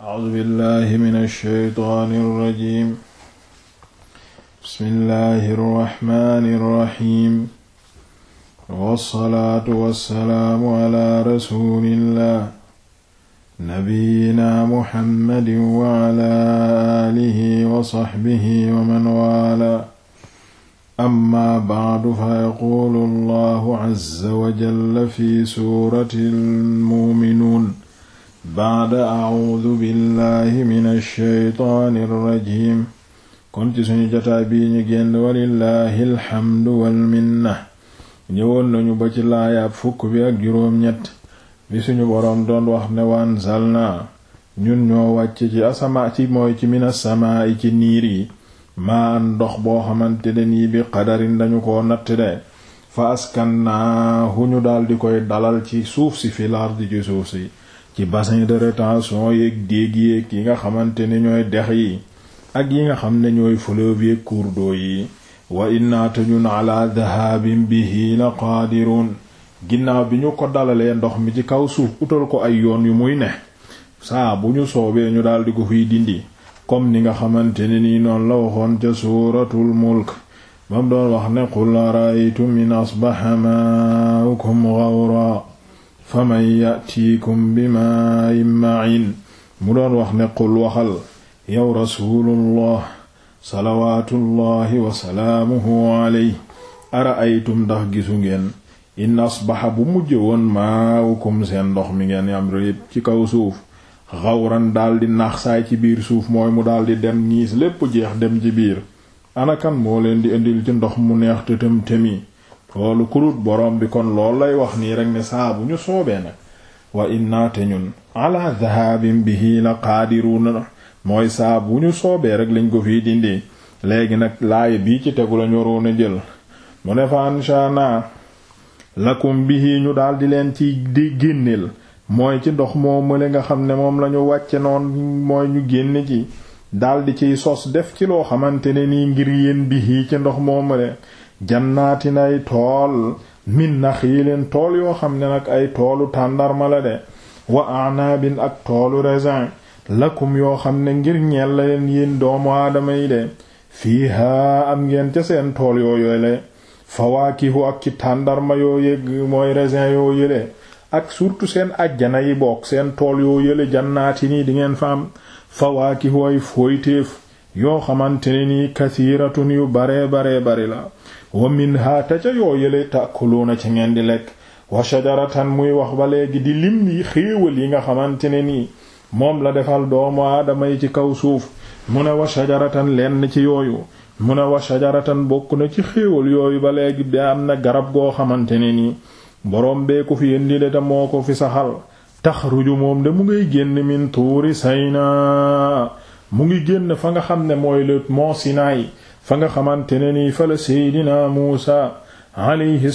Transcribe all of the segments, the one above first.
A'uuzu billaahi mina shaytaani rajiim. Bismillaahi rahmaani rahiim. Wassalaatu wassalaamu alaa rasuulillaah. Nabiyyinaa Muhammadin wa alaa aalihi wa sahbihi wa man waalaa. Ammaa ba'du fayaquulu Allaahu azza wa jalla fi suuratil mu'minuun. baada acuudu billahi min alsheytaani kon ci suñu jotaay bii ñu génn walillahi alxamdu walminna ñëwoon nañu ba ci laayaab fukk bi ak juróom-ñett bi suñu boroom doon wax ne waan zalna ñun ñoo wàcc ci asamaa ci mooy ci mina samaa ci niir yi ma an ndox boo xamante ne nii bi qadarin dañu ko natt de fa askan naahu ñu daldi koy dalal ci suuf si fi lardi ci suuf si ci bassin de rétention yeeg déeg yeeg yi nga xamante ne ñooy dex yi ak yi nga xam ne ñooy fleuve yeeg cours d'eau yi wa inna ñun ala dahabin bihi la qaadirun ginnaaw bi ñu ko dalalee ndox mi ci kaw suuf utal ko ay yoon yu muy ne saa bu ñu soobee ñu daldi ko fiy dindi comme ni nga xamante ne nii noonu la waxoon ca suuratul mulk bam doon wax ne qul araytum in asbaha ma'ukum ghawra faman yatiikum bimaa immain mu doon wax ne qul waxal yow rasuulullah salawaatullahi wasalaamuhu alayhi araaytum ndax gisu ngeen in asbaxa bu mujj woon maawukum seen ndox mi ngeen am répp ci kaw suuf xawran daldi naax ci biir suuf mooy mu daldi dem niis lépp jeex dem ci biir anakan moo leen di indil ci ndox mu neex tëtam tëmi loolu kurut borom bi kon loolu lay wax nii rek ne saa bu ñu soobee nag wa inna te ñun ala dhahabin na la qaadiruuna mooy saabu ñu soobee rek lañ ko fii dindi léegi nag laay bii ci tegu lañu waroon a jël mu ne fa anshaana lakum bihi ñu daldi leen ci di génneel mooy ci ndox moo mële nga xam ne moom lañu wàcce noon mooy ñu génn ci daldi ciy sos def ci loo xamante ne nii ngir yéen bihi ci ndox moo mële jannaatin ay tool min naxiilin tool yoo xam ne nag ay toolu tàndarma la de wa anaabin ak toolu raisin lakum yoo xam ne ngir ñeel la leen doomu aadama yi de fiiha am ngeen ca seen tool yoo yole fawaakihu ak ci tàndarma yoo yëg mooy raisin yoo yële ak surtout seen ajjana yi bokk seen tool yoo yële jannaatin yi di ngeen fa am fawaakihu ay fooytéef yoo xamante ne nii kasiiratun yu baree baree bari la wa minha ta ca yoo yële tàkkaluuna ci ngeen di lekk wa shajaratan muy wax ba léegi di lim yi xéewal yi nga xamante ne nii moom la defal doomu aadama yi ci kaw suuf mu ne wa shajaratan lenn ci yooyu mu ne wa shajaratan bokk na ci xéewal yooyu ba léegi da am na garab goo xamante ne nii boroom bee ko fi indi de te moo ko fi saxal taxruju moom de mu ngay génn min tuuri sayna mu ngi génn fa nga xam ne mooy le mont Sinaï fa nga xamante ne nii fa la seydinaa muusa alayhi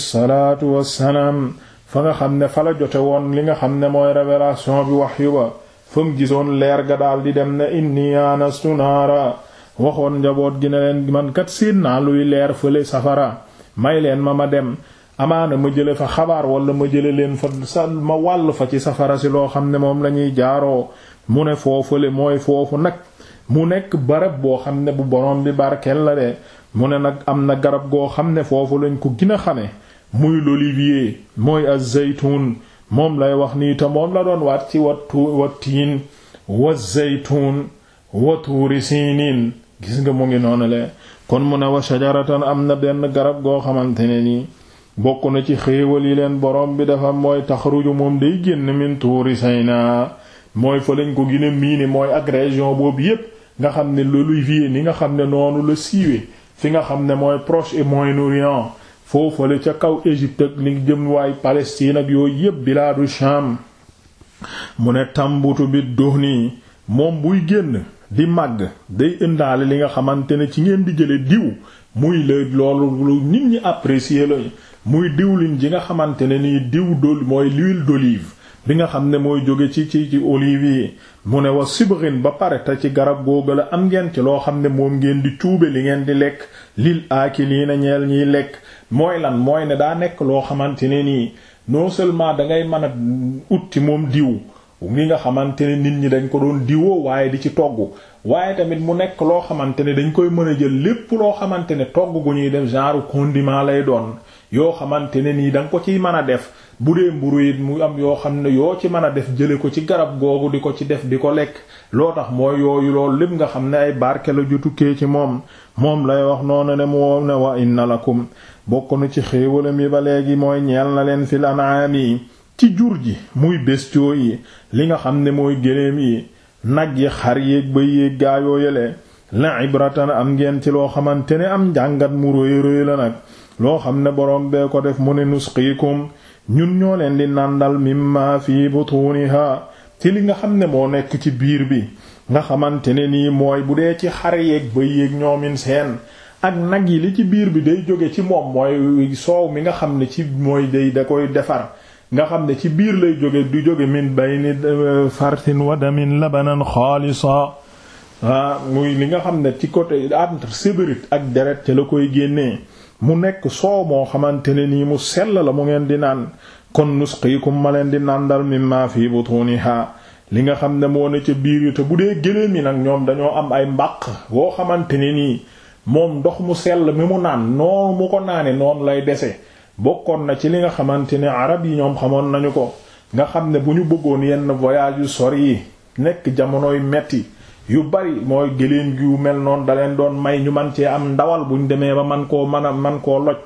fa nga xam ne fa la jote woon li nga xam ne mooy révélation bi waxyu ba fa mu gisoon leer ga daal di dem ne inni anastu waxoon njaboot gi ne leen man kat séen naa luy leer fële safara may leen ma ma dem amaana ma jële fa xabaar wala ma jële leen fa sa ma wàll fa ci safara si loo xam ne moom lañuy jaaroo mu ne foofule mooy foofu nag mu nekk barab boo xam ne bu borom bi barkel la de mu ne nag am na garab goo xam ne foofu lañ ko gën a xame muy l'olivier mooy az-zaytun moom lay wax nii te moom la doon waat ci wattu wattiin wa zaytun wa tuuri siiniin gis nga mu ngi noonu le kon mu ne wa shajaratan am na benn garab goo xamante ne nii bokk na ci xéewal yi leen borom bi dafa mooy taxruju moom day génn min tuuri sayna mooy fa lañ ko gën a miine mooy ak boobu yépp nga xam ne l'Olivier ni nga xam ne noonu la siiwee fi nga xam ne mooy Proche et Moyen-Orient foofale ca kaw Égypte ak li jëm waay Palestine ak yooyu yépp bilaadu Sham mu ne tambutu bi duhni moom buy génn di màgg day indaale li nga xamante ne ci ngeen di jële diw muy la loolu lu nit ñi apprécier la muy diwlin ji nga xamante ne nii diw dol mooy l'huile d'olive bi nga xam ne mooy jóge ci ci ci olive yi mu ne wa sibrin ba pare te ci garab googu la am ngeen ci loo xam ne moom ngeen di cuube li ngeen di lekk lil aakiliina ñeel ñiy lekk mooy lan mooy ne daa nekk loo xamante ne nii non seulement dangay mën a ut ci moom diw ngi nga xamante ne nit ñi dañ ko doon diwoo waaye di ci togg waaye tamit mu nekk loo xamante ne dañ koy mën a jël lépp loo xamante ne togg gu ñuy def genre condiment lay doon yoo xamante ne nii da nga ko ciy mën a def bu dee mburu it mu am yoo xam ne yoo ci mën a def jële ko ci garab googu di ko ci def di ko lekk loo tax mooy yooyu loolu lépp nga xam ne ay barke la ju tukkee ci moom moom lay wax noonu ne moo ne wa inna lakum bokk na ci xéewalam yi ba léegi mooy ñeel na leen fil anaam yi ci jur ji muy bestiaux yi li nga xam ne mooy géléem yi nag yi xar yéeg ba yéeg gaayoo yele la ibratan am ngeen ci loo xamante ne am njàngat mu réy réy la nag loo xam ne borom bee ko def mu ne nusqiikum ñun ñoo leen di nàndal mimma fi butuniha ci li nga xam ne moo nekk ci biir bi nga xamante ne nii mooy bu dee ci xar yeeg bëy yeeg ñoomin seen ak nag yi li ci biir bi day jóge ci moom mooy soow mi nga xam ne ci mooy day da koy defar nga xam ne ci biir lay jóge du jóge min bayni euh, farsin wa damin labanan xaalisa ah muy li nga xam ne ci côté entre sébérite ak deret ci la koy génnee mu nekk soow moo xamante ne nii mu sell la mu ngeen di naan kon nus nusqiikum ma leen di nàndal mimma fi butuniha li nga xam ne moo ne ca biir yi te bu dee géléem yi nag ñoom dañoo am ay mbàq boo xamante ne nii moom ndox mu sell mi mu naan noonu mu ko naane noonu lay dese bokkoon na ci li nga xamante ne arab yi ñoom xamoon nañu ko nga xam ne bu ñu bëggoon yenn voyage yu sori yi nekk jamonoy metti yu bari mooy gëléen yu mel noonu daleen doon may ñu man cee am ndawal buñ demee ba man koo mën a man koo loj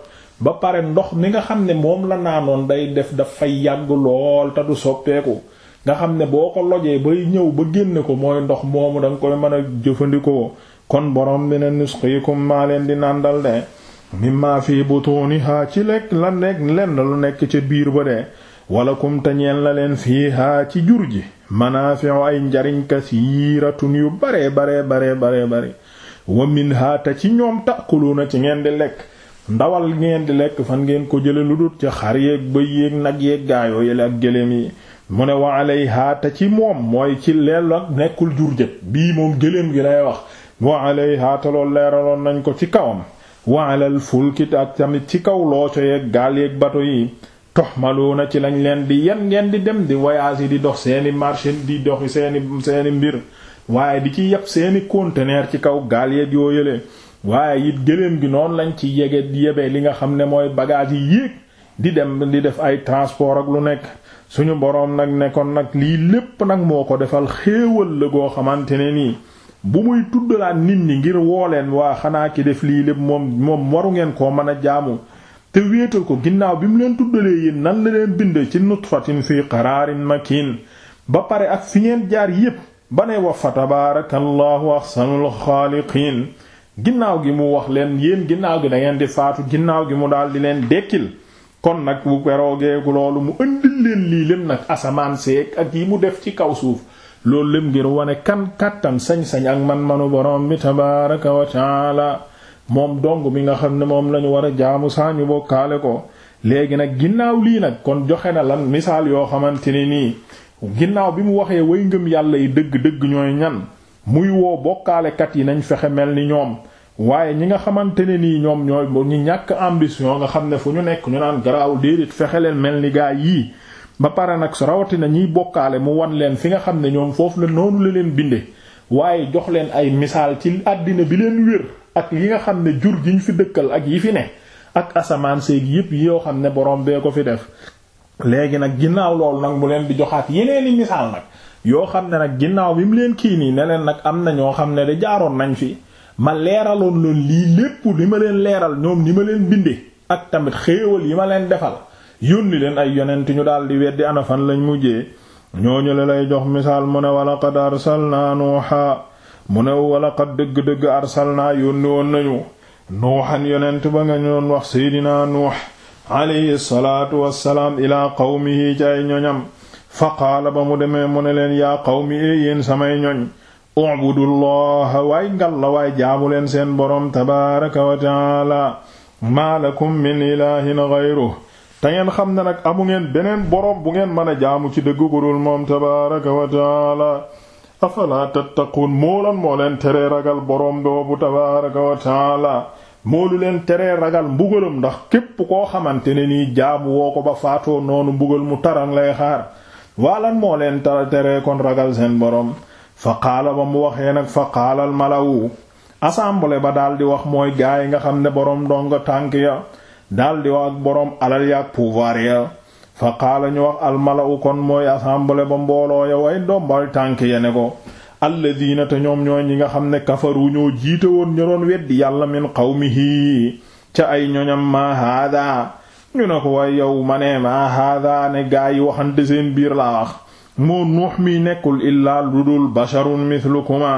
ba pare ndox mi nga xam ne moom la naanoon day def dafay yàgg lool te du soppeeku nga xam ne boo ko lojee bay ñëw ba génne ko mooy ndox moomu da nga koy mën a jëfandikoo kon borom bi ne ko maa leen di nàndal de mimma fi butuniha ci lekk la nekk lenn lu nekk ca biir ba de walakum te ñeel la leen fii fiihaa ci jur ji manaafi'u ay njariñkas njariñ kasiiratun yu bare bare bare bare bare wa minhaa te ci ñoom na ci ngeen di lekk ndawal ngeen di lekk fan ngeen ko jële lu dut ci xar yeeg bëy yeeg nag yeeg gaayoo yele ak gëléem yi mu ne wa alayhaa te ci moom mooy ci leel nekkul jur jëg bii moom gëléem gi lay wax wa alayhaa te loolu leeraloon nañ ko ci kawam wa alal ak tamit ci kaw looco yeeg gaal yeeg bato yi toxmaluuna ci lañ leen di yan ngeen di dem di voyage yi di dox seeni marché di doxi seeni seeni mbir waaye di ci yeb seeni conteneur ci kaw gaal yeeg yoo yële waaye it gëléem gi noonu lañ ci yege yebee li nga xam ne mooy bagage yi yéeg di dem di def ay transport ak lu nekk suñu boroom nag ne nekkoon nag lii lépp nag moo ko defal xéewal la goo xamante ne nii bu muy tuddalaat nit ñi ngir wooleen waa xanaa ki def lii lépp moom moom waru ngeen koo mën a jaamu te wéetal ko ginnaaw bi mu leen tuddalee yéen nan la leen bind ci nutfatin fii qaraarin makin ba pare ak fi ngeen jaar yépp ba ne wa fa tabaarakallaahu axsanul xaaliqiin ginnaaw gi mu wax leen yéen ginnaaw gi dangeen di faatu ginnaaw gi mu daal di leen dekkil kon nag bu peroogeeku loolu mu ëndil leen lii lém nag asamaan seeg ak yi mu def ci kaw suuf loolu lém ngir wane kan kàttan sañ-sañ ak man-manu borom bi tabaaraka wa moom dong bi nga xam ne moom lañu war a jaamu saa ñu bokkaale ko léegi nag ginnaaw lii nag kon joxe na lan misaal yoo xamante ne nii ginnaaw bi mu waxee way ngëm yàlla yi dëgg ñooy ñan muy woo bokkaalekat yi nañ fexe mel ni ñoom waaye ñi nga xamante ne nii ñoom ñooy ñi ñàkk ambition nga xam ne fu ñu nekk ñu naan garaawul déedéet fexe leen mel ni gaa yii ba pare nag rawatina ñiy bokkaale mu wan leen fi nga xam ne ñoom foofu la noonu la leen binde waaye jox leen ay misaal ci àddina bi leen wér ak yi nga xam ne jur gi ñu fi dëkkal ak yi fi ne ak asamaan seeg yépp yoo xam ne borom bee ko fi def léegi nag ginnaaw loolu nag mu leen di joxaat yeneeni misaal nag yoo xam ne nag ginnaaw bi mu leen kii nii ne nag am na ñoo xam ne de jaaroon nañ fi ma leeraloon loon lii lépp li ma leen leeral ñoom ni ma leen bindee ak tamit xéewal yi ma leen defal yónni leen ay yonent ñu daal di weddi ana fan lañ mujjee ñooñu la lay jox misaal mu ne walaqad arsalna nuha mu ne walaqad dëgg-dëgg arsalnaa yónni woon nañu nuuxan yonent ba nga ñoon wax seydinaa nuux alayhi salaatu wassalaam ilaa qawmihi ci ay ñoñam fa qaala ba mu demee mu ne leen yaa qawmi ee eh, samay ñoñ ubudullaha waay ngal la waay jaamu leen seen boroom tabaaraka wa taala maa lakum min ilaahin ghayruhu te ngeen xam ne nag ngeen beneen boroom bu ngeen mën a jaamu ci dëgg ko moom tabaaraka wa taala afalaa tattaquun moo lan moo leen teree ragal boroom boobu tabaaraka wa taala moo lu leen teree ragal mbugalam ndax képp koo xamante ne nii jaamu woo ko ba faatoo noonu mbugal mu taran lay xaar waa lan moo leen tara teree kon ragal seen boroom fa qaala ba mu waxee nag fa qaalal malawu assemblée ba daldi wax mooy gaay nga xam ne boroom ndongo tànk ya daldi wax ak boroom alal yaak pouvoir ya fa qaala ñu wax almala'u kon mooy assemblée ba mbooloo ya way ndombal tànk ya ne ko alladina te ñoom ñooy ñi nga xam ne kafaru ñoo jiite woon ñu doon weddi yàlla min qawmihi ca ay ñoñam ma haada ñu ne ko way yow ma ne ma haada ne gaa yi waxante seen biir laa wax moo nuux mi nekkul illaa lu dul basharun mithlukuma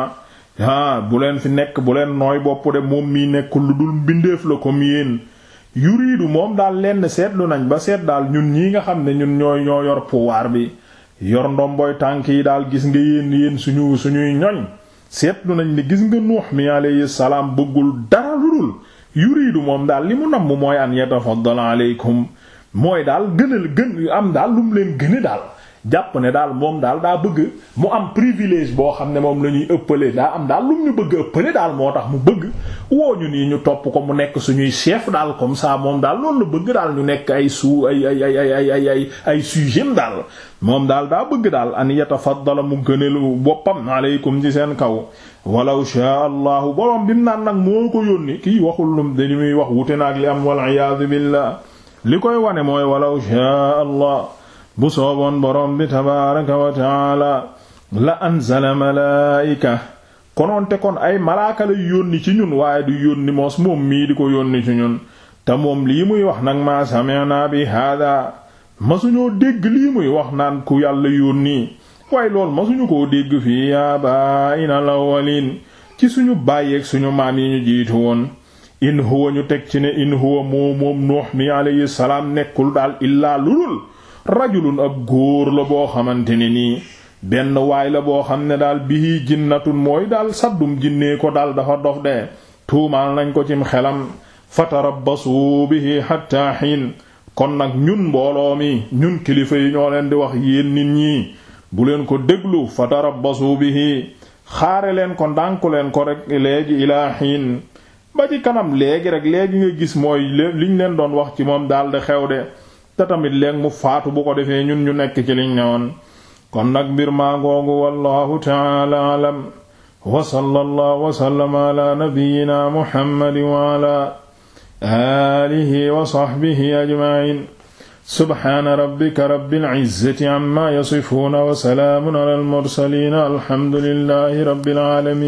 haa bu leen fi nekk bu leen nooy bopp de moom mi nekkul lu dul mbindeef la comme yéen yuriidu moom daal lenn seetlu nañ ba seet daal ñun ñii nga xam ne ñun ñooy ñoo yor pouvoir bi yor ndomboy tànk yi daal gis nga yéen yéen suñu suñuy ñoñ seetlu nañ ne gis nga nuux mi alayhi salaam bëggul dara lu dul yuriidu moom daal li mu namm mooy an yatafaddala aleykum mooy daal gënal gën yu am daal lu mu leen gëne daal jàpp ne daal moom daal daa bëgg mu am privilège boo xam ne moom la ñuy ëppale daa am daal lum ñu bëgg ëppale daal moo tax mu bëgg woo ñu nii ñu topp ko mu nekk suñuy chef daal comme ça moom daal loolu la bëgg daal ñu nekk ay suu ay ay ay ay ay ay daal moom daal daa bëgg daal an yatafaddala mu gënelu boppam aleykum ci seen kaw walaw shaa allahu boroom bi mu naan nag moo ko yónni kii waxul lum dañuy wax wute naag li am wal iyaadu billah li koy wane mooy walaw bu sooboon boroom bi tabaaraka wa taala la anzala malaayika konoonte kon ay malaaka lay yónni ci ñun waaye du yónni moos moom mii di ko yónni ci ñun te moom lii muy wax nag maa sami'naa bi haadaa masuñoo dégg lii muy wax naan ku yàlla yónni waaye loolu masuñu koo dégg fii aabaa'inal awwaliin ci suñu bàyyeeg suñu maam yi ñu jiitu woon in huwa ñu teg ci ne in huwa moo moom nuux mi salaam nekkul daal illaa lulul rajulun ab góor la boo xamante ne nii benn waay la boo xam ne daal bihi jinnatun mooy daal saddum jinnee ko daal dafa dof de tuumaal nañ ko cim xelam fatarabbasu bihi hatta kon nag ñun mbooloo mi ñun kilifa yi ñoo leen di wax yéen nit ñi bu leen ko déglu fatarabbasu bihi xaare leen ko ndànku leen ko rek léegi ilaa hiin ba ci kanam léegi rek léegi nga gis mooy liñ leen doon wax ci moom daal di xew de te tamit léeg mu faatu bu ko defee ñun ñu nekk ci liñ ne woon kon nag mbir maa ngoogu wallahu taala alam wa sallallahu wa sallama ala nabiyyina muhammadin wa ala alihi wa sahbihi ajma'in subhana rabbika rabbil izzati amma yasifuna wa salaamun ala al mursalin alhamdulillahi rabbil alamin